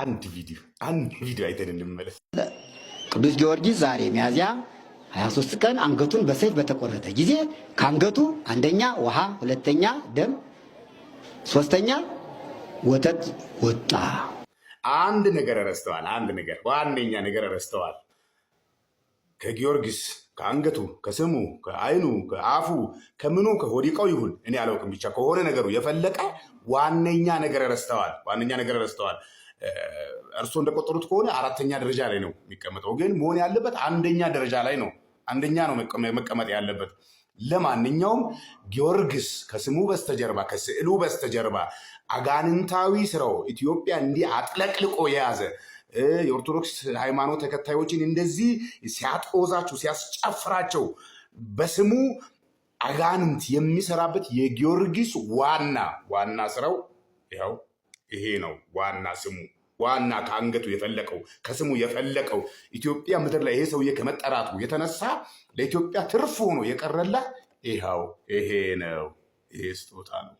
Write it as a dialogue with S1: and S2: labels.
S1: አንድ ቪዲዮ አንድ ቪዲዮ አይተን እንመለስ።
S2: ቅዱስ ጊዮርጊስ ዛሬ ሚያዝያ 23 ቀን አንገቱን በሰይፍ በተቆረጠ ጊዜ ከአንገቱ አንደኛ ውሃ፣ ሁለተኛ ደም፣ ሶስተኛ ወተት ወጣ።
S1: አንድ ነገር ረስተዋል። አንድ ነገር ዋነኛ ነገር ረስተዋል። ከጊዮርጊስ ከአንገቱ ከስሙ ከአይኑ ከአፉ ከምኑ ከሆዲቀው ይሁን እኔ አላውቅም፣ ብቻ ከሆነ ነገሩ የፈለቀ ዋነኛ ነገር ረስተዋል። ዋነኛ ነገር ረስተዋል። እርስዎ እንደቆጠሩት ከሆነ አራተኛ ደረጃ ላይ ነው የሚቀመጠው፣ ግን መሆን ያለበት አንደኛ ደረጃ ላይ ነው። አንደኛ ነው መቀመጥ ያለበት። ለማንኛውም ጊዮርጊስ ከስሙ በስተጀርባ ከስዕሉ በስተጀርባ አጋንንታዊ ስራው ኢትዮጵያ እንዲህ አጥለቅልቆ የያዘ የኦርቶዶክስ ሃይማኖት ተከታዮችን እንደዚህ ሲያጦዛቸው ሲያስጨፍራቸው በስሙ አጋንንት የሚሰራበት የጊዮርጊስ ዋና ዋና ስራው ያው ይሄ ነው ዋና ስሙ ዋና ከአንገቱ የፈለቀው ከስሙ የፈለቀው ኢትዮጵያ ምድር ላይ ይሄ ሰውዬ ከመጠራቱ የተነሳ ለኢትዮጵያ ትርፍ ሆኖ የቀረላ ይኸው ይሄ ነው። ይሄ ስጦታ ነው።